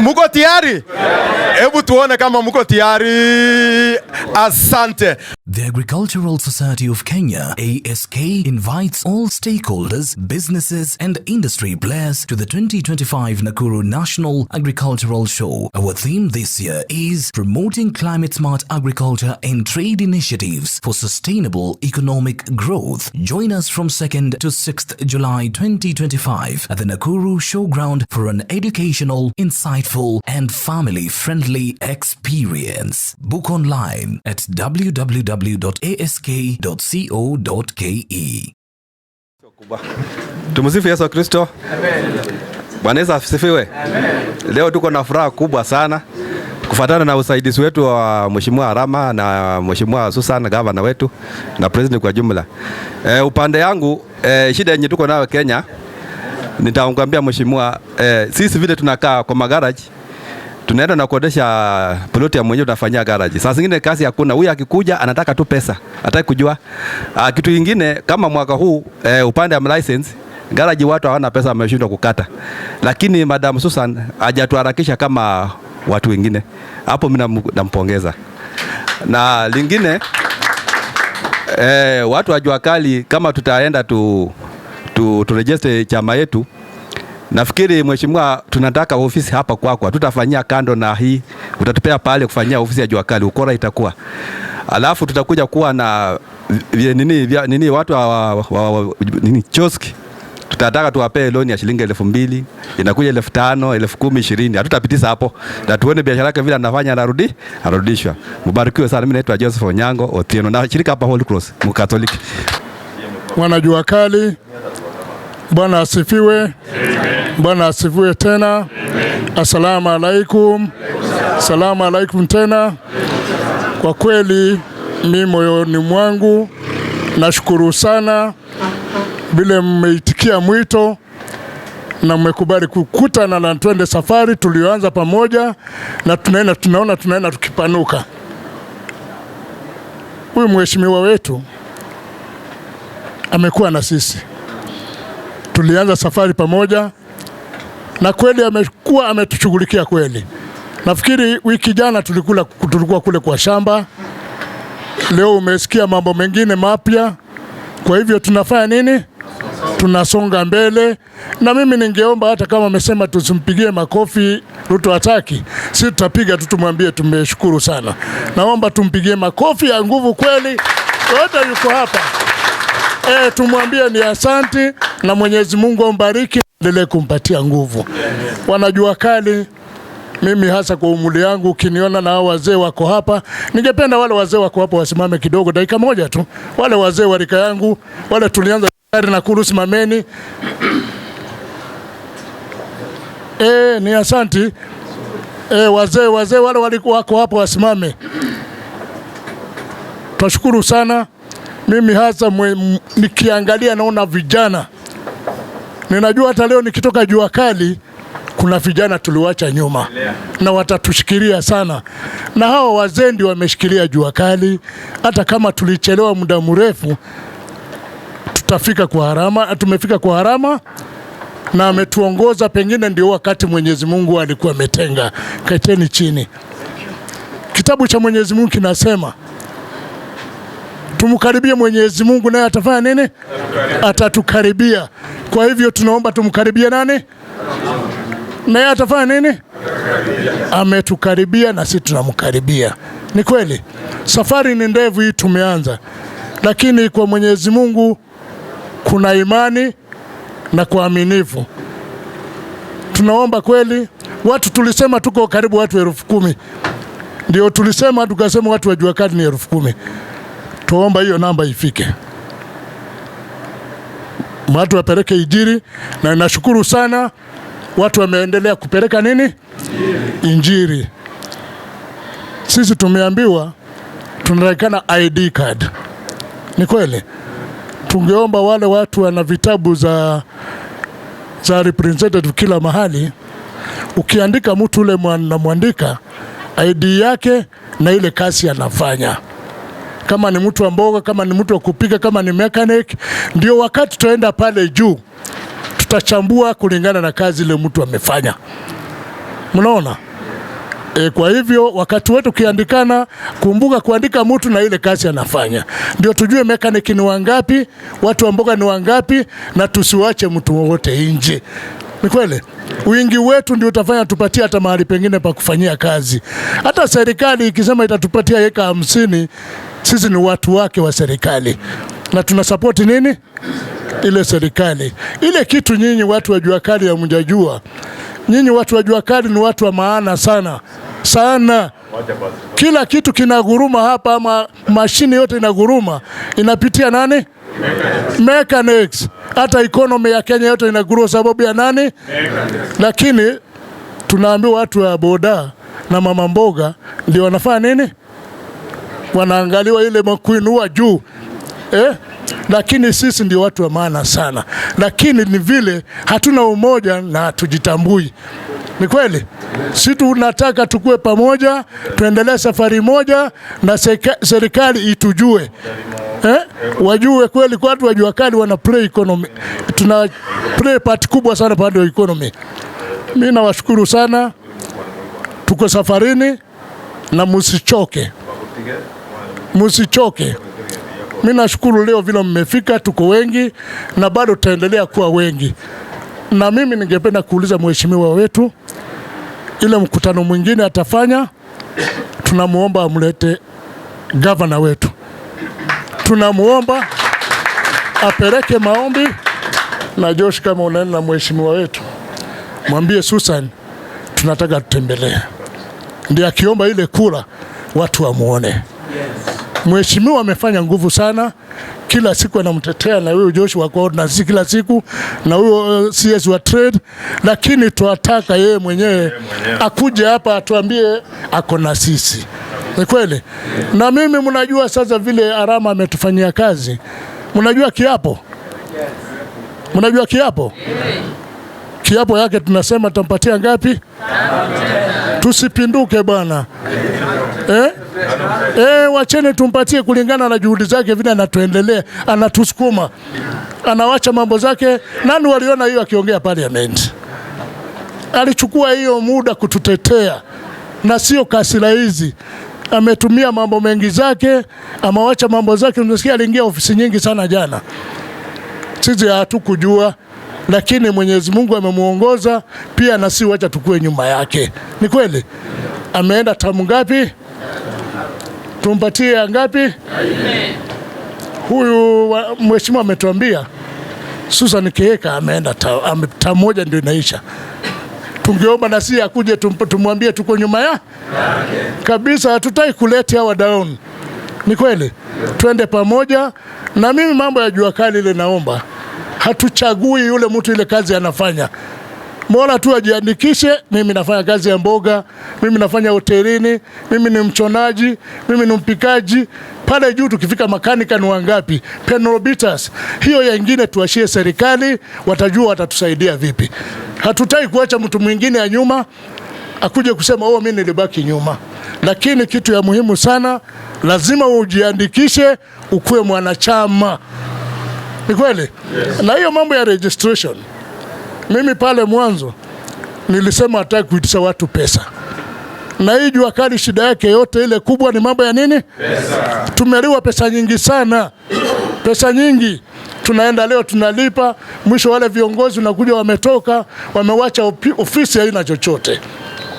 Muko tayari? Hebu tuone kama muko tayari. Asante. The Agricultural Society of Kenya, ASK, invites all stakeholders, businesses and industry players to the 2025 Nakuru National Agricultural Show. Our theme this year is Promoting Climate Smart Agriculture and Trade Initiatives for Sustainable Economic Growth. Join us from 2nd to 6th July 2025 at the Nakuru Showground for an educational, insightful delightful and family-friendly experience. Book online at www.ask.co.ke. Tumsifu Yesu Kristo. Bwana Yesu asifiwe. Leo tuko na furaha kubwa sana kufuatana na usaidizi wetu wa Mheshimiwa Arama na Mheshimiwa Susan gavana wetu na president kwa jumla. E, upande yangu e, shida yenye tuko nayo Kenya nitaungambia mheshimiwa eh, sisi vile tunakaa kwa magaraji tunaenda na kuodesha ploti ya mwenyewe tunafanyia garage. Saa zingine kazi hakuna, huyu akikuja anataka tu pesa, hataki kujua a. Ah, kitu kingine kama mwaka huu eh, upande wa license garage watu hawana pesa, wameshindwa kukata, lakini Madam Susan hajatuharakisha kama watu wengine, hapo mimi nampongeza. Na lingine eh, watu wa jua kali kama tutaenda tu tu, turejeste chama yetu. Nafikiri mheshimiwa, tunataka ofisi hapa kwako, kwa. Tutafanyia kando na hii, utatupea pale kufanyia ofisi ya jua kali, ukora itakuwa, alafu tutakuja kuwa na nini, nini watu wa, wa, wa, nini choski tutataka tuwapee loni ya shilingi elfu mbili inakuja elfu tano elfu kumi ishirini hatutapitisha hapo, na tuone biashara yake vile anafanya, anarudi anarudishwa. Mubarikiwe sana. Mimi naitwa Joseph Onyango Otieno na shirika hapa Holy Cross Mkatoliki. Mwanajua kali Bwana asifiwe. Amen. Bwana asifiwe tena. Amen. Asalamu alaikum. Salamu alaikum tena. Kwa kweli mi moyoni mwangu nashukuru sana vile mmeitikia mwito na mmekubali kukutana na twende safari tulioanza pamoja, na tunaenda tunaona tunaenda tukipanuka. Huyu mheshimiwa wetu amekuwa na sisi tulianza safari pamoja na kweli amekuwa ametushughulikia kweli. Nafikiri wiki jana tulikula, tulikuwa kule kwa shamba. Leo umesikia mambo mengine mapya. Kwa hivyo tunafanya nini? Tunasonga mbele, na mimi ningeomba hata kama amesema tusimpigie makofi Ruto hataki, si tutapiga tu, tumwambie tumeshukuru sana. Naomba tumpigie makofi ya nguvu kweli, yote yuko hapa e, tumwambie ni asante na Mwenyezi Mungu ambariki, endelee kumpatia nguvu. Wanajua kali mimi hasa kwa umri yangu ukiniona na wazee wako hapa, ningependa wale wazee wako hapa wasimame kidogo, dakika moja tu. Wale wazee wa rika yangu wale tulianza na kuru, simameni. E, ni asanti. E, wazee wazee wale walikuwa wako hapo wasimame. tashukuru sana. Mimi hasa mwe, nikiangalia naona vijana Ninajua hata leo nikitoka jua kali kuna vijana tuliwacha nyuma na watatushikilia sana, na hawa wazee ndio wameshikilia jua kali. Hata kama tulichelewa muda mrefu, tutafika kwa harama, tumefika kwa harama na ametuongoza. Pengine ndio wakati Mwenyezi Mungu alikuwa ametenga. Keteni chini, kitabu cha Mwenyezi Mungu kinasema Tumkaribie Mwenyezi Mungu naye atafanya nini? Atatukaribia. Kwa hivyo tunaomba tumkaribie nani? Naye atafanya nini? Ametukaribia na sisi tunamkaribia. Ni kweli safari ni ndefu hii tumeanza, lakini kwa Mwenyezi Mungu kuna imani na kuaminifu. Tunaomba kweli, watu tulisema tuko karibu watu elfu kumi ndio tulisema, tukasema watu wa jua kali ni elfu kumi tuomba hiyo namba ifike, watu wapeleke Injili, na nashukuru sana watu wameendelea kupeleka nini Injili. Sisi tumeambiwa tunatakikana ID card. Ni kweli, tungeomba wale watu wana vitabu za, za representative kila mahali, ukiandika mtu ule namwandika ID yake na ile kazi anafanya kama ni mtu wa mboga, kama ni mtu wa kupika, kama ni mechanic, ndio wakati tutaenda pale juu, tutachambua kulingana na kazi ile mtu amefanya. Mnaona? E, kwa hivyo wakati wetu kiandikana, kumbuka kuandika mtu na ile kazi anafanya, ndio tujue mechanic ni wangapi, watu wa mboga ni wangapi, na tusiwache mtu wowote nje. Ni kweli wingi wetu ndio utafanya tupatie hata mahali pengine pa kufanyia kazi. Hata serikali ikisema itatupatia eka hamsini sisi ni watu wake wa serikali na tuna sapoti nini ile serikali ile kitu. Nyinyi watu wa jua kali hamjajua. Nyinyi watu wa jua kali ni watu wa maana sana sana. Kila kitu kinaguruma hapa, ama mashine yote inaguruma, inapitia nani? Mechanics. Hata economy ya Kenya yote inagurua sababu ya nani? Lakini tunaambiwa watu wa boda na mama mboga ndio wanafanya nini? wanaangaliwa ile makuinua juu eh? Lakini sisi ndio watu wa maana sana, lakini ni vile hatuna umoja na hatujitambui. Ni kweli, si tunataka tukue pamoja, tuendelee safari moja na serikali itujue eh? Wajue kweli kwa watu wa kali wana play economy, tuna play part kubwa sana pande ya economy. Mi nawashukuru sana, tuko safarini na musichoke msichoke. Mimi nashukuru leo vile mmefika, tuko wengi na bado tutaendelea kuwa wengi, na mimi ningependa kuuliza mheshimiwa wetu, ile mkutano mwingine atafanya, tunamwomba amlete gavana wetu, tunamwomba apeleke maombi na Josh, kama unaenda na mheshimiwa wetu mwambie Susan tunataka tutembelee, ndio akiomba ile kura watu wamuone. Yes. Mheshimiwa amefanya nguvu sana, kila siku anamtetea na huyo Joshua kwa na sisi kila siku na huyo uh, CS wa trade, lakini tuataka yeye mwenyewe akuje hapa atuambie ako na sisi, ni kweli. Na mimi mnajua sasa vile Arama ametufanyia kazi, mnajua kiapo, mnajua kiapo, kiapo yake tunasema tutampatia ngapi? Tusipinduke bwana eh? Eh, wacheni tumpatie kulingana na juhudi zake vile anatuendelea, anatusukuma, anawacha mambo zake. Nani waliona hiyo akiongea parliament? Alichukua hiyo muda kututetea na sio kasira hizi. Ametumia mambo mengi zake, amewacha mambo zake. Unasikia aliingia ofisi nyingi sana jana, sisi hatukujua lakini Mwenyezi Mungu amemwongoza pia, na si wacha tukue nyuma yake. Ni kweli ameenda tamu ngapi, tumpatie ngapi? Huyu mheshimiwa ametuambia Susan Kiheka ameenda tamu ta moja, ndio inaisha. Tungeomba na si akuje tumwambie tuko nyuma ya kabisa, hatutaki kuleti hawa down. Ni kweli, twende pamoja. Na mimi mambo ya jua kali ile naomba hatuchagui yule mtu ile kazi anafanya mbona tu ajiandikishe. Mimi nafanya kazi ya mboga, mimi nafanya hotelini, mimi ni mchonaji, mimi ni mpikaji. Pale juu tukifika makanika ni wangapi? Penrobitas hiyo yengine tuashie serikali, watajua watatusaidia vipi. Hatutai kuacha mtu mwingine ya nyuma akuje kusema oh, mimi nilibaki nyuma. Lakini kitu ya muhimu sana, lazima ujiandikishe, ukuwe mwanachama. Ni kweli yes. Na hiyo mambo ya registration, mimi pale mwanzo nilisema hataki kuitisha watu pesa, na hii jua kali shida yake yote ile kubwa ni mambo ya nini? Pesa. Tumeliwa pesa nyingi sana, pesa nyingi tunaenda leo tunalipa, mwisho wale viongozi unakuja wametoka, wamewacha ofisi haina chochote.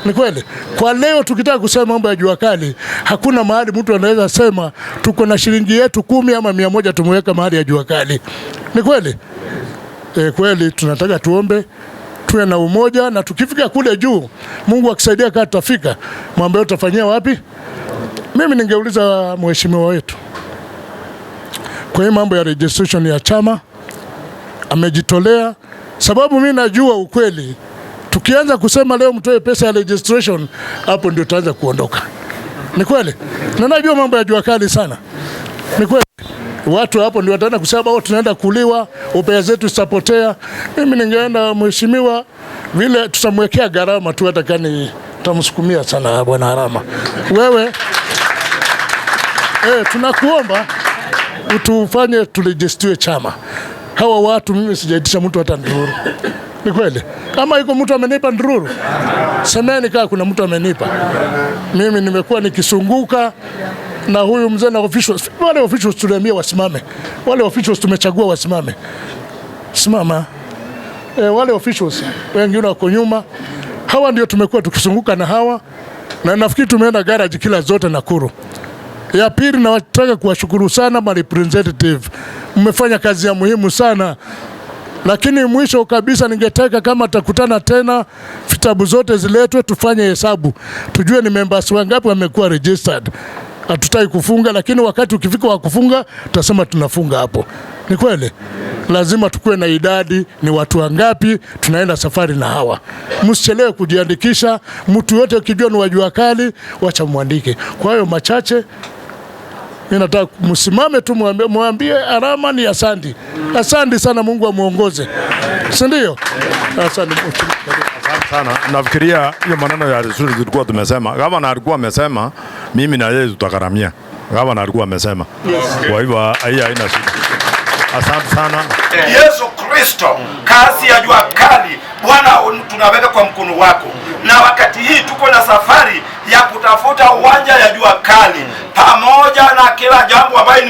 Ni kweli kwa leo, tukitaka kusema mambo ya jua kali, hakuna mahali mtu anaweza sema tuko na shilingi yetu kumi ama mia moja tumeweka mahali ya jua kali. Ni kweli e, kweli tunataka tuombe tuwe na umoja, na tukifika kule juu, Mungu akisaidia, kaa tutafika. Mambo yote tutafanyia wapi? Mimi ningeuliza mheshimiwa wetu kwa hii mambo ya registration ya chama amejitolea, sababu mi najua ukweli Tukianza kusema leo mtoe pesa ya registration, hapo ndio tutaanza kuondoka. Ni kweli, na najua mambo ya jua kali sana. Ni kweli watu hapo ndio wataenda kusema oh, tunaenda kuliwa, pesa zetu zitapotea. Mimi ningeenda mheshimiwa, vile tutamwekea gharama tu, hata kani tamsukumia sana bwana Harama, wewe eh, tunakuomba utufanye turejistiwe chama. Hawa watu mimi sijaitisha mtu hata nduru ni kweli kama iko mtu amenipa ndururu, semeni kaa kuna mtu amenipa mimi. Nimekuwa nikisunguka na huyu mzee na officials. Wale officials tuliambia wasimame, wale officials tumechagua wasimame, simama. E, wale officials wengine wako nyuma. Hawa ndio tumekuwa tukisunguka na hawa, na nafikiri tumeenda garage kila zote Nakuru. Ya pili, nataka kuwashukuru sana ma representative, mmefanya kazi ya muhimu sana. Lakini mwisho kabisa, ningetaka kama takutana tena, vitabu zote ziletwe, tufanye hesabu, tujue ni members wangapi wamekuwa registered. Hatutaki kufunga, lakini wakati ukifika wa kufunga tutasema tunafunga hapo. Ni kweli, lazima tukuwe na idadi, ni watu wangapi tunaenda safari na hawa. Msichelewe kujiandikisha. Mtu yote ukijua ni wajua kali, wacha mwandike. Kwa hiyo machache mimi nataka msimame tu, mwambie alama ni asandi, asandi sana, Mungu amuongoze, si ndio? Asante sana. Nafikiria hiyo maneno ya Lisuli tulikuwa tumesema, gavana alikuwa amesema mimi na yeye tutakaramia, gavana alikuwa amesema. Kwa hivyo hii haina shida. Asante sana. Yesu Kristo, kazi ya jua kali, Bwana tunaweka kwa mkono wako, na wakati hii tuko na safari ya kutafuta uwanja ya jua kali pamoja na kila jambo ambayo ni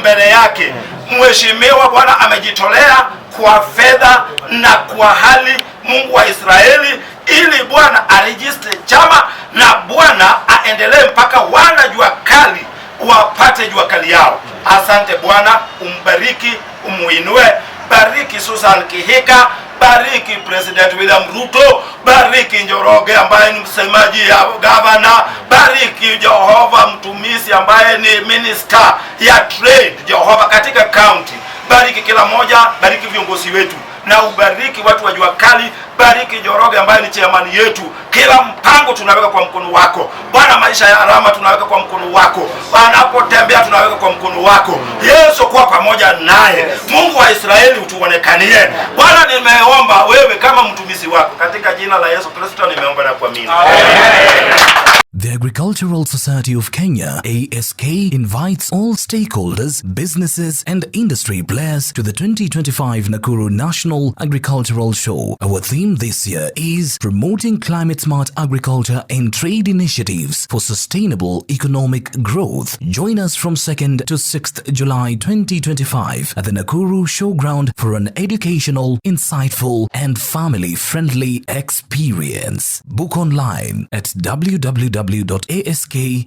mbele yake. Mheshimiwa Bwana amejitolea kwa fedha na kwa hali, Mungu wa Israeli, ili Bwana arejiste chama na Bwana aendelee mpaka wana jua kali wapate jua kali yao. Asante Bwana, umbariki, umuinue, bariki Susan Kihika, bariki President William Ruto bariki Njoroge ambaye ni msemaji ya gavana, bariki Jehova mtumishi ambaye ni minister ya trade Jehova katika county, bariki kila moja, bariki viongozi wetu na ubariki watu wa jua kali, bariki Njoroge ambaye ni chairman yetu. Kila mpango tunaweka kwa mkono wako Bwana, maisha ya alama tunaweka kwa mkono wako, wanapotembea tunaweka mkono wako, Yesu kuwa pamoja naye. Mungu wa Israeli utuonekanie. Bwana, nimeomba wewe kama mtumishi wako, katika jina la Yesu Kristo nimeomba na kuamini. The Agricultural Society of Kenya, ASK, invites all stakeholders, businesses and industry players to the 2025 Nakuru National Agricultural Show. Our theme this year is Promoting Climate Smart Agriculture and Trade Initiatives for Sustainable Economic Growth. Join us from 2nd to 6th July 2025 at the Nakuru Showground for an educational, insightful and family-friendly experience. Book online at www www.ask.co.ke.